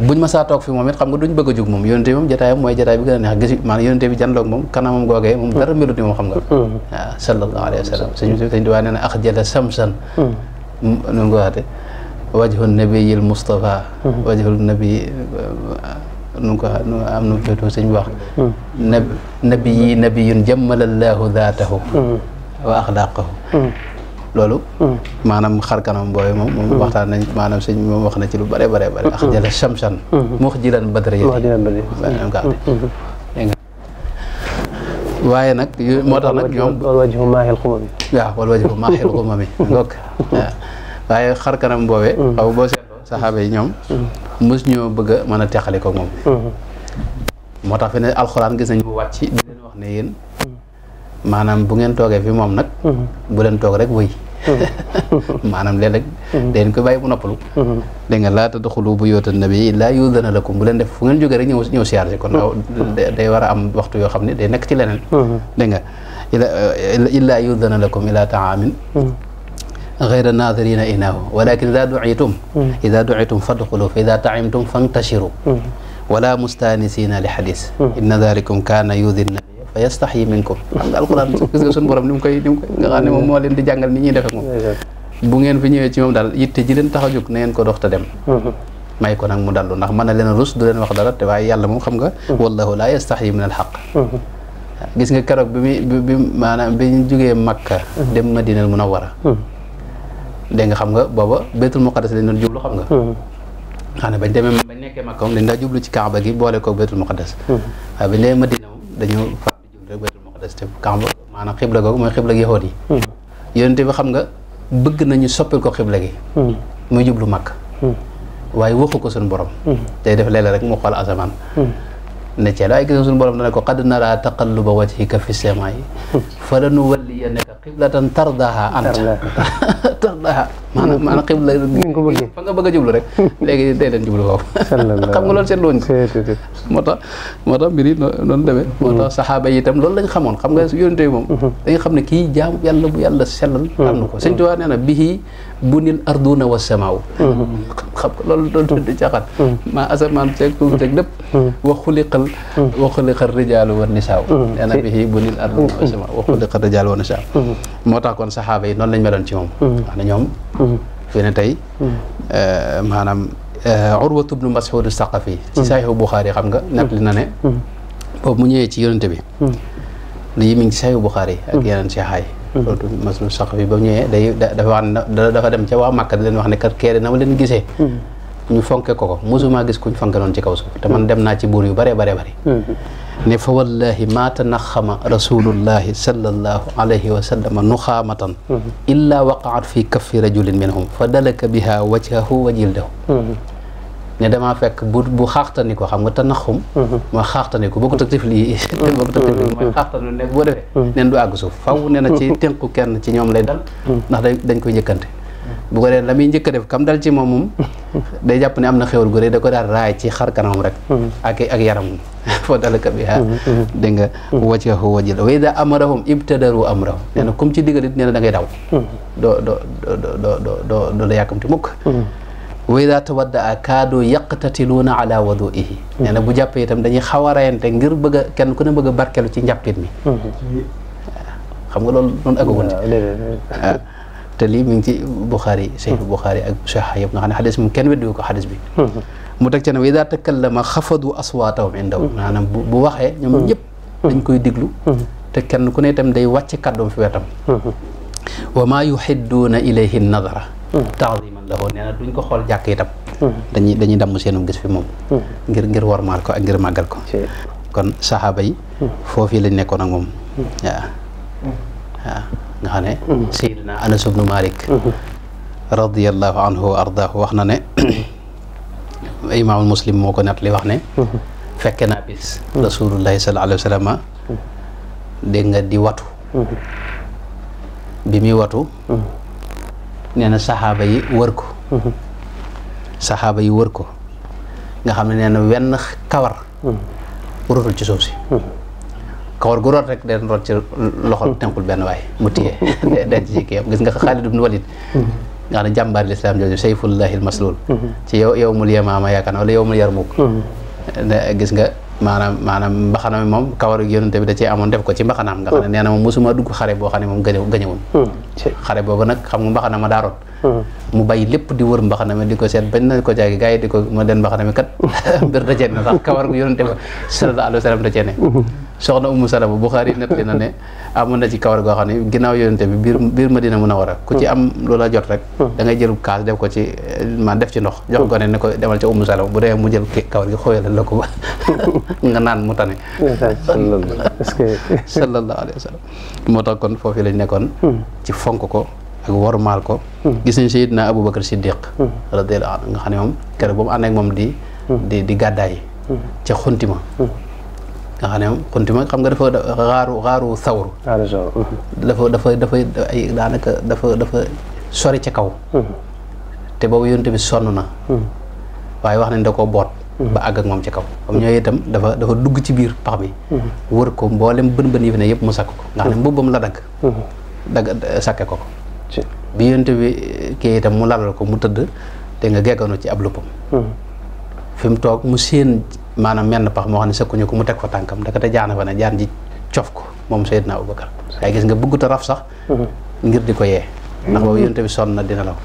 buñ ma saa toog fi moom it xam nga duñ bëgg a jug moom yonente bi moom jotaayam mooy jotaay bi gën a neex gis a yonente bi janloog moom kanamam googee moom dara melut ni moom xam nga mm. waaw sallallahu wa sallam suñu sëñ samsan mm. Mm, nu ko mm-hmm. uh, wax nabi yi nabiyun jëmmalallaahu daatahu wa axlaaqahu loolu hmm. maanaam xar kanam booy moom moom hmm. waxtaan nañ maanaam sëñ moom wax na ci lu bare bare bare ak jëla samsan mux ji lan badara yi waaye nag moo tax nag ñoom wal wajhu maaxil xuma mi waaye xar kanam boobee xaw hmm. boo seetloo saxaaba yi ñoom mos ñoo bëgg mën a teqale ko moom moo tax fi ne alxuraan gis nañ mu wàcc leen wax ne yéen maanaam bu ngeen toogee fi moom nag hmm. bu leen toog rek wëy hmm. maanaam léeg-léeg hmm. dañ koy bàyyi mu noppalu dégg nga laa tadxulu buyuuta nabi illaa yuudana lakum bu leen def fu ngeen ñëw siyaar si kon day war a am waxtu yoo xam ne day nekk ci leneen dégg nga illaa i lakum ilaa taamin غير الناظرين إناه ولكن إذا دعيتم إذا دعيتم فادخلوا فإذا طعمتم فانتشروا ولا مستانسين لحديث إن ذلكم كان يؤذي النبي fa yastaxyi minkum xam nga alxuraan gis nga suñu borom ni mu koy ni mu koy nga xam ne moom moo leen di jàngal ni ñuy defek moom bu ngeen fi ñëwee ci moom daal yitte ji leen tax a jóg na ngeen ko dox te dem may ko nag mu dallu ndax mën na leen rus du leen wax dara te waaye yàlla moom xam nga wallahu laa yastaxyi min alxaq gis nga keroog bi mu bi maanaam bi ñu jógee Makka dem Madinal Munawwara dégg nga xam nga booba Baytul Muqaddas lañ doon jublu xam nga xam ne bañ demee bañ nekkee Makka moom dañ daa jublu ci Kaaba gi boole ko Baytul Muqaddas waaye bañ rek baytul maqdis te kamba maanaam xibla googu mooy xibla gi yaxoot yi yonente bi xam nga bëgg nañu soppil ko xibla gi muy jublu mag hmm. waaye waxu ko suñu borom day hmm. def léeg rek mu xool asamaan hmm. ne ca la ay gis suñu borom dana ko qad nara taqalluba wajhika fi samaa'i fa lanuwalliyannaka qiblatan tardaha anta tardaha maanaam maanaam qibla fa nga bëgg a jublu rek léegi day leen jublu foofu xam nga loolu seen moo tax moo tax mbir yi noonu demee moo tax saxaaba yi itam loolu lañ xamoon xam nga yonente yi moom mhm. dañ xam ne kii jaamu yàlla bu yàlla sellal am ko mhm. sëñ Tuubaa nee na bihi bunil arduna wa samaaw xam loolu loolu di caaxaan hmm. maa asamaan ceeg suuf ceeg lépp hmm. wa xuliqal hmm. wa xuliqal rijaalu wa nisaaw na bihi bunil arduna wa samaaw moo tax kon saxaaba yi noon lañ meloon ci moom wax na ñoom fii ne tey eh, maanaam eh, urwatu bnu mas'ud saqafi ci saxiixu buxaari xam nga nekk li na ne boobu mu ñëwee ci yonente bi lii mi ngi ci saxiixu buxaari ak yeneen saxaay loolu masul sax fi ba ñëwee day dafa wax ne dafa dem ca waa Màkka di leen wax ne kat keere na ma leen gisee hmm. ñu fonke ko ko mosuma gis kuñ fonke noonu ci kaw suuf te man hmm. dem naa ci buur yu bare bare bari hmm. ne fa wallahi ma tanaxama rasulullahi sallallahu alayhi wa sallama nuxaamatan illa waqaat fi kaffi rajulin minhum fa dalaka biha wajhahu wa jildahu ne damaa fekk bu bu xaaxtani ko xam nga tanaxum mhm. mooy xaaxtani ko bokkut ak tifl yi mhm. bokkut ak tifl yi mooy mhm. xaaxtanu nekk boo defee neen du àgg suuf faw ne na ci tënku kenn ci ñoom lay dal ndax dañ koy njëkkante bu ko dee la muy njëkk a def kam ci moom moom day jàpp ne am na xéwal gu rëy da ko daal raay ci xar kanamam rek ak ak yaramam foo dalaka bi ha ah. dégg nga waccahu wajil wa ida amarahum ibtadaru amrahum nee na comme ci digal it nee na da ngay daw doo doo doo doo doo doo la yàkkamti wa ida tawadda a kaado yaqtatiluuna ala waduihi hmm. nee na bu jàppee tam dañuy xaw a rayante ngir bëgg kenn ku ne bëgg a barkelu ci njàppit mi hmm. xam nga loolu noonu agagun ci waaw ah, te lii mi ngi ci Buxaari Sahih hmm. Buxaari ak Sahih yëpp nga xam ne xadis moom kenn weddiwu ko xadis bi mu teg ca ne wa ida takallama xafadu aswaatahum bu waxee ñoom ñëpp dañ koy diglu te kenn ku ne tam day wàcc kàddoom fi wetam wa maa yuxidduuna ilayhi nadara taazim la woon nee na duñ ko xool jàkk itam hmm. dañuy dañuy damm seenum gis fi moom hmm. ngir ngir warmaal ko ak ngir màggal ko kon saxaaba yi hmm. foofii lañ nekkoon ak moom waaw waaw nga xam ne Seydina Anas ibnu Malik radiyallahu anhu wa ardaahu wax na ne imaamul muslim moo ko nett li wax ne fekke naa bis rasulullahi sallallahu alayhi wa sallam dégg nga di watu bi muy watu nee na saxaaba yi wër ko mhm. saxaaba yi wër ko nga xam ne nee na wenn kawar mhm. rotul ci suuf si mhm. kawar gu root rek den root ci loxol tenkul benn waay mu téye den ci kii gis nga Xaalid ibn Walid nga xam ne jàmbaari lislaam jooju sayfullahil maslul ci yow yow mul yemaama yaakaar na wala yow mul yarmuk gis nga maanaam maanaam mbaxana mi moom kawar ak yonente a da cee def ko ci mbaxanaam nga xam ne hmm. nee na moom mosuma dugg xare boo xam ne moom gañewul gañewul hmm. xare boobu nag xam nga mbaxana ma daaroon mu bàyyi lépp di wër mbaxana mi di ko seet bañ na ko jaagi gars yi di ko ma den mbaxana mi kat mbir da cee ne sax kawar gu yonente ba sallallahu alayhi wa sallam da cee ne soxna umu salama Buxaari nett na na a a hmm. hmm. hmm. bu dee mu jël kawar gi xooyal la ko ba nga naan mu tane sallallahu alayhi wa sallam moo tax kon foofu lañ nekkoon ci fonk ko ak wormaal ko hmm. gis nañ Seydina Aboubacar Siddiq hmm. radiyallahu anhu nga xam ne moom keroog ba mu ànd moom di hmm. di di gàddaay ca xuntima nga xam ne moom xuntima xam nga dafa xaaru xaaru sawru dafa dafa dafa ay sori ca kaw te boobu yonent bi sonn na waaye wax nañ da koo boot ba àgg moom ci kaw comme ñooy itam dafa ci biir pax bi wër ko mboolem bën bën yi fi ne mu sakk la dagg dagg sakke ko bi yonent bi eh, kii itam mu lalal ko mu tëdd te nga gegganu ci ab luppam hmm. fi mu toog mu séen maanaam menn pax moo xam ne sëkkuñu ko mu teg fa tànkam ndekete jaana fa ne jaan ji cof ko moom Seydina Abubakar hmm. waaye gis nga bëggut a raf sax hmm. ngir di ko yee ndax boobu yonent bi sonn na dina la ko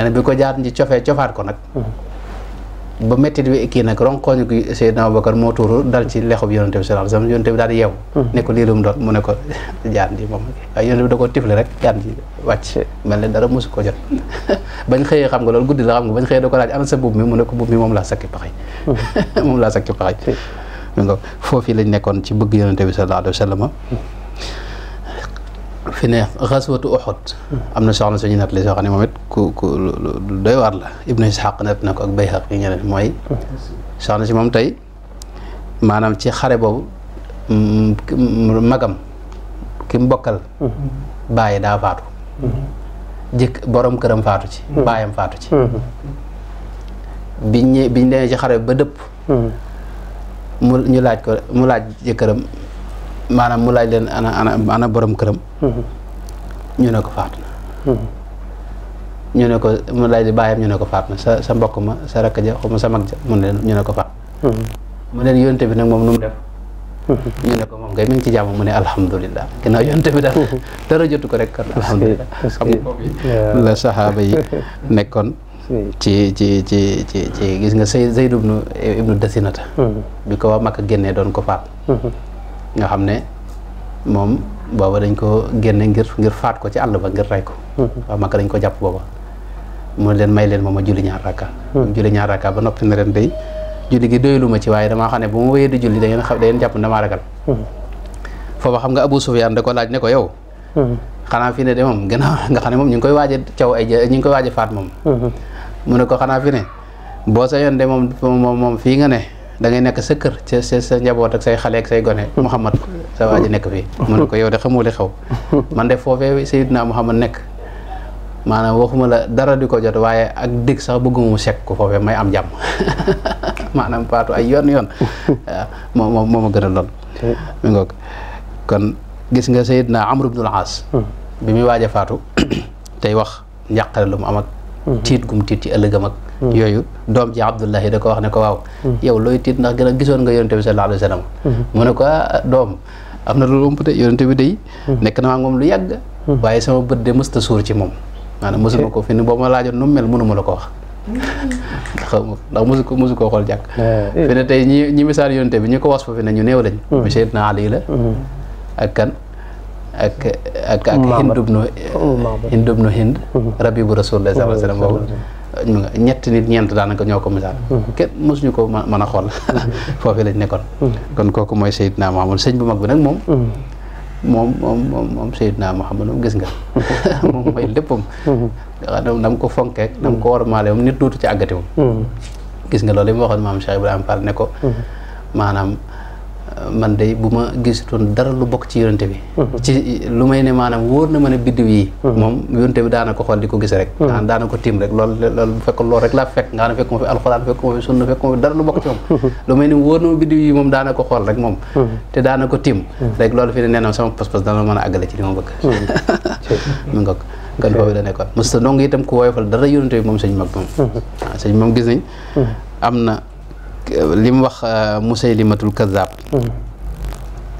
nee bi ko jaan ji cofee cofaat ko nag ba métti bi kii nag ronkoñu gi Seydina Abubakar moo tuuru dal ci lexub bi sallallahu bi daal di yeewu hmm. ko lii lu mu doon mu ne ko jaan ji moom waaye da ko jot bañ xëyee xam nga loolu guddi la xam nga ko sa buub mi mu ne ko buub mi moom laa sakki paxay hmm. moom laa sakki paxay mi nga foofu lañ nekkoon ci bëgg yonente bi sallallahu alayhi wasallam hmm. fi ne xaswatu Uhud am na soxna suñu nettali soo xam ne moom it ku ku doy waar la Ibnu Isxaq nett na ko ak Bayhaqi ñeneen mooy soxna si moom tey maanaam ci xare boobu magam ki mu bokkal bàyyi daa faatu jëkk borom këram faatu ci hmm. baayam faatu ci biñ ñë biñ demee ci xare ba dëpp hmm. mu ñu laaj ko mu laaj jëkkëram maanaam mu laaj leen ana ana ana borom këram. Mhm. ñu ne ko faatu na. Mhm. ñu ne ko mu laaj bàyyam ñu ne ko faatu na sa sa mbokk ma sa rakk ja xaw sa mag ja mu ne leen ñu ne ko faatu. Mhm. mu ne yonte bi nag moom nu mu def. ci jàmm mu ne alhamdulilah ginnaaw yonte bi daal dara jotu ko rek. alhamdulilah xam nga foofu la saxaaba nekkoon. ci ci ci ci ci gis nga Zayd ibnu ibnu Dasinata. bi ko waa Makka génnee doon ko faat. nga xam ne moom booba dañ ko génne ngir ngir faat ko ci àll ba ngir rey ko mhm. waaw maka dañ ko jàpp booba mu leen may leen moom ma julli hmm. ba noppi na ren day julli gi doylu ma ci waaye damaa xam ne bu ma wéyee di julli da ngeen xam da ngeen jàpp ne damaa ragal hmm. foofa xam ko laaj ne ko yow hmm. xanaa fi ne de moom a caw a faat moom mu ne ko xanaa boo sa yoon de moom fii nga ne dangay ngay nekk sa kër ca sa njaboot ak say xale ak say gone Muhammad sa waa nekk fii mu ne ko yow de xamoo li xew man de foofee Seydina Muhammad nekk maanaam waxuma la dara di ko jot waaye ak dégg sax bëgguma mu sekk ko foofee am jàmm maanaam faatu ay yoon yoon waaw moom moom a gën a lool mi ngoog kon gis nga Seydina Amr ibn al-As hmm. bi muy waaj a faatu tey wax njàqare lu mu am Mm-hmm. tiit gum tiit ci ëllëgam ak mm-hmm. yooyu doom ji Abdullahi da ko wax ne ko waaw mm-hmm. yow looy tiit ndax gën a gisoon nga yonente bi sallallahu alayhi wa sallam mu ne ko ah, doom am na loolu ëmp de yonente bi day nekk na maa moom lu yàgg waaye sama bët de mësta suur ci moom maanaam mësuma eh. ma laajoon ma ndax mosu ko mosu koo xool jàkk eh. fi ne tey ñi ñi misaal yonente bi ñi la ak kan ak ak ak Hind ibnu Hind ibnu Hind mm-hmm. rabibu rasulullah sallallahu alayhi ñett nit ñeent daanaka ñoo ko misaal mm-hmm. kenn mosuñu ko mën a xool mm-hmm. foofu lañ nekkoon kon kooku mooy Seydina Muhammad sëñ bu mag bi nag moom moom moom moom Seydina Muhammad moom gis nga moom mooy léppam na ko fonkeek na ko war maale moom nit dootu ci àggati moom gis nga loolu yi mu waxoon maam Cheikh Ibrahima Fall ne ko maanaam man day bu ma gisatoon dara lu bokk ci yonente bi mhm. ci lu may ne maanaam wóor na ma ne biddiw yi mhm. moom yonente bi daana xool di ko gis rek mhm. a nga xam ne fekk ma fekk moom lu ko a ma bëgg mi ngok kan foofu da nekkoon mos ta ndongo itam dara yonente bi moom sëñ mag moom waaw sëñ moom gis nañ am na li mu wax euh, Musaylimatul Kazzab hmm.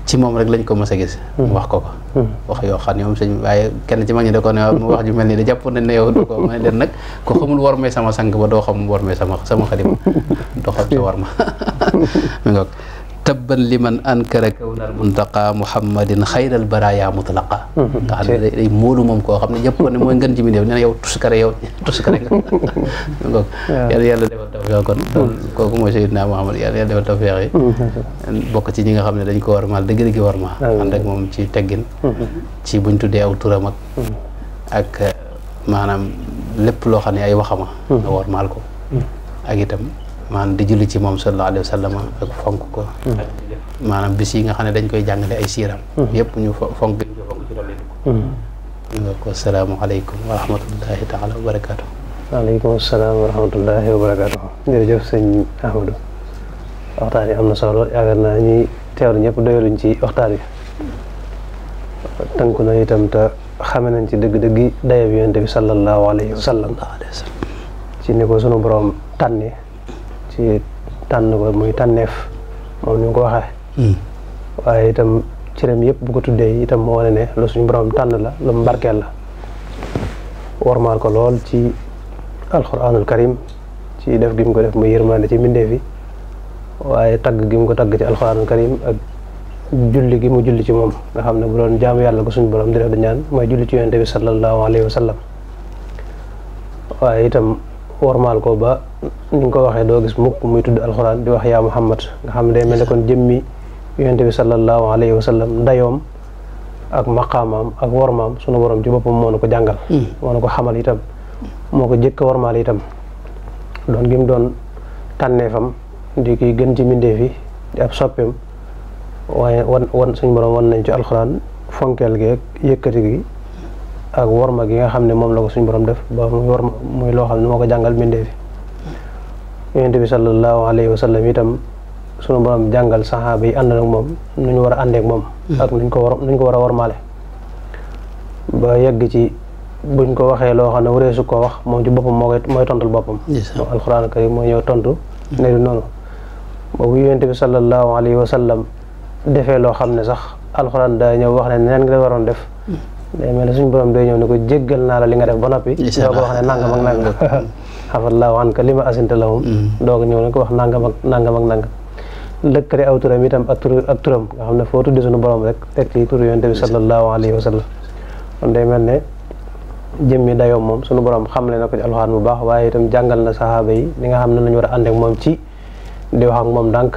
ci moom rek lañ ko ma a gis hmm. wax ko ko hmm. wax yoo xam ne moom sëñ waaye kenn ci mag ñi da ko ne mu wax ju mel nii da jàpp nañ ne yow doo ko ma ne leen nag ko xamul war mee sama sang ba doo xam war mee sama sama xalima doo xam ci war ma mi ngoog tabban liman ankara kawnal muntaqa muhammadin xayral baraya mutlaqa mhm. nga xam ne day móolu moom koo xam ne jëpp ko ne mooy ngën ji mi néew nee na yow tuskare yow tuskare nga ngoog yàlla yàlla defal tawfeex kon mhm. kooku mooy mhm. ci ñi nga xam ne dañ ko war maal dëgg dëgg war ma ànd ak moom ci teggin ci buñ tuddee aw turam ak ak maanaam lépp loo xam ne ay waxama nga war maal ko ak itam maanaam di julli ci moom sallallahu alayhi ak fonk ko hmm. maanaam bis yi nga xam ne dañ koy jàngale ay siiram hmm. yëpp ñu fonk bi hmm. ñu fonk ci dolli ko nga ko salaamaaleykum wa rahmatullahi taala wa am na solo yaakaar naa ñi teewlu ñëpp doyaluñ ci waxtaan yi tënku na itam te nañ ci dëgg-dëggi dayab yonent bi sallallahu alayhi wa sallam ci ni ko sunu borom tànnee ci tànn ko muy tànneef moom ni mu ko waxee hmm. waaye itam cëram yëpp bu ko tuddee itam moo wane ne lu suñu borom tànn la lu mu barkeel la warmaal ko lool ci alxuraanul karim ci def gim ko def mu muy yërmande ci mbindeef yi waaye tagg gi ko tagg ci alxuraanul karim ak julli gi mu julli ci moom nga xam ne bu doon jaamu yàlla ko suñ borom di def da ñaan mooy julli ci yonente bi sallallahu alayhi wa waaye itam wormaal ko ba ni nga waxee doo gis mukk muy tudd alxuraan di wax yaa muhammad nga xam ne day mel ne kon jëmmi yonente bi sallallahu alayhi wa sallam ndayoom ak maqaamaam ak wormaam sunu borom ci boppam moo na ko jàngal hmm. moo na ko xamal itam moo ko jëkk wormaal itam doon gi doon tànneefam di gën ci mbindeef yi di ab soppeem waaye wan wan suñu borom wan nañ ci alxuraan fonkeel gi ak yëkkati gi ak worma gi nga xam ne moom la ko suñu borom def ba muy worma muy loo xam ne moo ko jàngal mbindee fi yonent bi sallallahu alayhi wa sallam itam suñu borom jàngal saxaaba yi ànd moom nu ñu war a àndeek moom hmm. ak ko war nuñ ko war a wormaale ba yegg ci buñ ko waxee loo xam ne wareesu koo wax moom ci boppam moo mooy tontul boppam alxuraan karim mooy ñëw tontu hmm. ne du noonu boobu yonent bi sallallahu alayhi defee loo xam ne sax alxuraan daa ñëw wax ne neen nga waroon def hmm. day mel ne suñu borom day ñëw ne ko jéggal naa li nga def ba noppi doo ko wax ne nangam ak nangam xafallaahu hmm. anka li ma asinta lahum hmm. doog ñëw ne ko wax nangam ak nangam ak nangam lëkkale aw turam itam ak tur ak turam xam ne foo tuddi suñu borom rek teg ci tur yonent bi sallallahu alayhi wa sallam kon day mel ne jëmmi dayoo moom suñu borom xamle na ko ci alxuraan bu baax waaye itam jàngal na saxaaba yi li nga xam ne nañu war a ànd moom ci di wax ak moom ndànk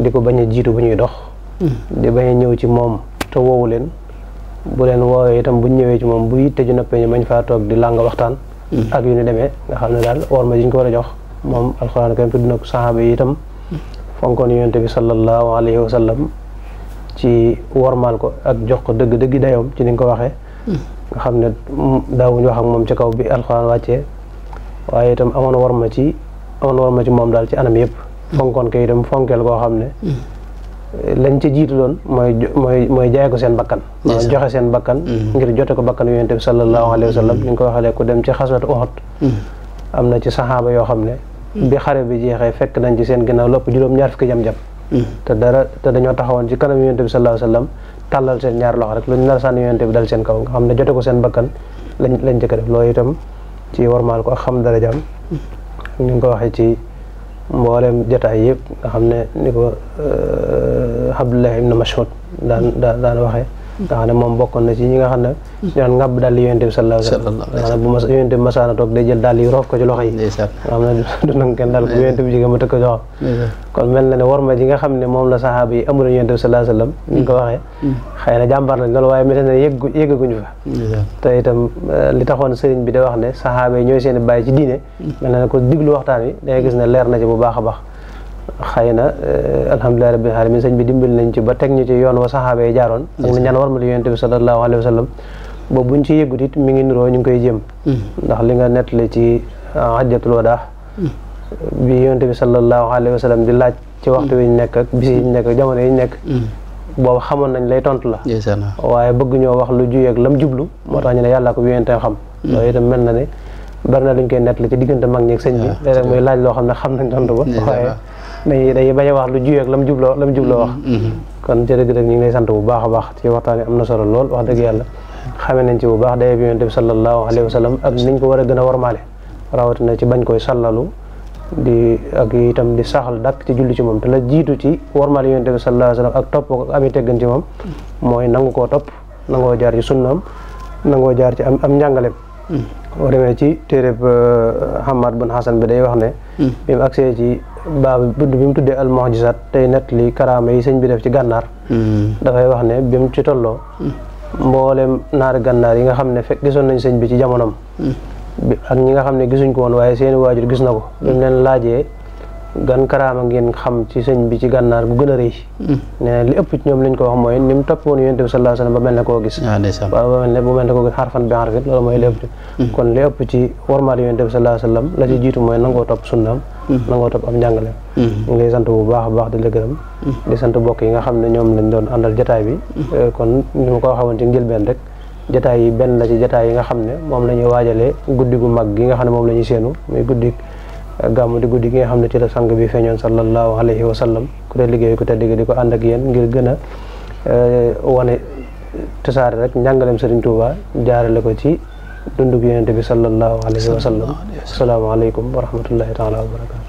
di ko bañ a jiitu bu ñuy dox hmm. di bañ ñëw ci moom te woowu leen bu leen woowee itam buñ ñëwee ci moom bu yitte ju noppee ñu mañ faa toog di làng waxtaan mm. ak yu ñu demee nga xam ne daal war ma ji ko war a jox moom alxuraan karim tudd na ko saxaaba yi itam mm. fonkoon yonente bi sallallahu alayhi wa sallam ci wormaal ko ak jox ko dëgg dëggi dayoom ci ni ko waxe mm. nga xam ne daawuñu wax ak moom ci kaw bi alxuraan wàccee waaye itam amoon war ma ci amoon war ma ci moom daal ci anam yëpp fonkoon ko itam fonkeel koo xam ne lañ ca jiitu doon mooy mooy mooy jaay ko seen bakkan mooy joxe seen bakkan mm-hmm. ngir jote ko bakkan yonent bi sallallahu alayhi wa sallam li mm-hmm. ko waxalee ku dem ci xaswatu Uhud mm-hmm. am na xam ne bi xare bi jeexee fekk nañ ci seen ginnaaw lopp juróom ñaar fukki jam-jam te dara te dañoo taxawoon ci kanam yonent bi sallallahu alayhi wa sallam tàllal seen ñaar loxo rek lu ñu nar sànni yonent bi dal seen kaw nga xam ne jote ko seen bakkan lañ lañ jëkk def loolu itam ci warmaal ko ak xam ko waxee ci mboolem jotaay yëpp nga xam ne ni ko euh, Abdullah ibn Mas'ud daan daan waxee nga xam moom bokkoon na ci ñi nga xam ne hmm. ñaan ngàbb dàll yonente bi sallallahu alayhi wa sallam bu ma yonente bi masaana toog day jël dàll yi roof ko ci loxo yi nga xam ne du nangu kenn dal ko yonente bi jigéen ma kon mel na ne war ma ji nga xam ne moom la saxaaba yi amuloon yonente bi sallallahu wa sallam ñu ko hmm. Hmm. na jàmbaar lañ loolu waaye mel na ne yëggu yëggaguñu fa te itam eh, li taxoon bi da wax ne saxaaba yi ñooy seen i bàyyi ci diine mel na ne ko diglu waxtaan wi dangay gis ne leer na ci bu baax a baax xëy na eh, alhamdulilah rabbil alamin sëñ bi dimbali nañ ci ba teg ñu ci yoon wa saxaaba yi jaaroon ñu ngi ñaan war ma li yonente bi sallallahu alayhi wa sallam boobu ngi niroo ñu ngi koy jëm mm. ndax li nga nettali ci eh, hajjatul wadaa mm. bi yonente bi sallallahu alayhi wa sallam di laaj ci waxtu wi ñu nekkak ak ñu nekk ak jamono yi ñu nekk mm. boobu xamoon nañ lay tontu la waaye bëgg ñoo wax lu juyeeg lam jublu moo tax ñu ne yàllaa ko bi yonente xam loolu itam mel na ne bari na luñ koy nettali ci diggante mag ñeeg sëñ bi ah, léeg-léeg muy laaj loo xam ne xam nañ tontu ba waaye day day bañ a wax lu juyeeg la mu jubloo la mu jubloo wax mm-hmm, mm-hmm. kon ca dëgg dëgg ñu ngi sant bu baax a baax ci waxtaan yi am na solo lool wax dëgg yàlla xame nañ ci bu baax day bi yonent bi sallallahu alayhi wa sallam ak niñ ko war a gën a warmaale rawatina ci bañ koy sallalu di ak itam di saxal dàkk ci julli ci moom te la jiitu ci warmaale yonent bi sallallahu alayhi wa sallam ak topp ko ami teggan ci moom mooy nangu koo topp nangoo jaar ci sunnaam nangoo jaar ci am am njàngaleem mm. boo demee ci téeréb euh, Hamad bun Hasan bi day wax ne mm. bi mu ci baab bunt bi mu tuddee al mu'jizat tey nett li karaama yi sëñ bi def ci gànnaar hmm. dafay wax ne bi mu ci tolloo hmm. mboolem naar gànnaar yi nga xam ne fekk gisoon nañ sëñ bi ci jamonoom hmm. ak ñi nga xam ne gisuñ ko woon waaye seeni waajur gis na ko bi mu leen laajee gan karaama ngeen xam ci sëñ bi ci gànnaar gu gën a rëy hmm. nee li ëpp ci ñoom lañ ko wax mooy ni mu topp woon yonent bi wa sallam ba mel ne koo gis ah, waaw ba mel ne bu mel ne koo gis xarfan bi xarfin loolu mooy li ëpp hmm. kon li ëpp ci warmaal yonent bi sallallahu alayhi wa la ci hmm. mooy nangoo topp sunnaam nangoo topp am njàngale ñu sant bu baax a baax di la gërëm di sant bokk yi nga xam ne ñoom lañ doon àndal jataay bi euh, kon ni ma ko waxawoon ci njëlbeen rek jataay yi benn la ci jataay yi nga xam ne moom la ñuy waajalee guddi gu mag gi nga xam ne moom la ñuy seenu muy guddi gàmmu di guddi gi nga xam ne ci la sang bi feeñoon sallallahu alayhi wa sallam ku te liggéey ku te di ko ànd ak yen ngir gën a eh, wane tasaare rek njàngalem Serigne Touba la ko ci dundug yonente bi sallallahu alayhi wa sallam asalaamaaleykum wa rahmatullahi taala wa barakatu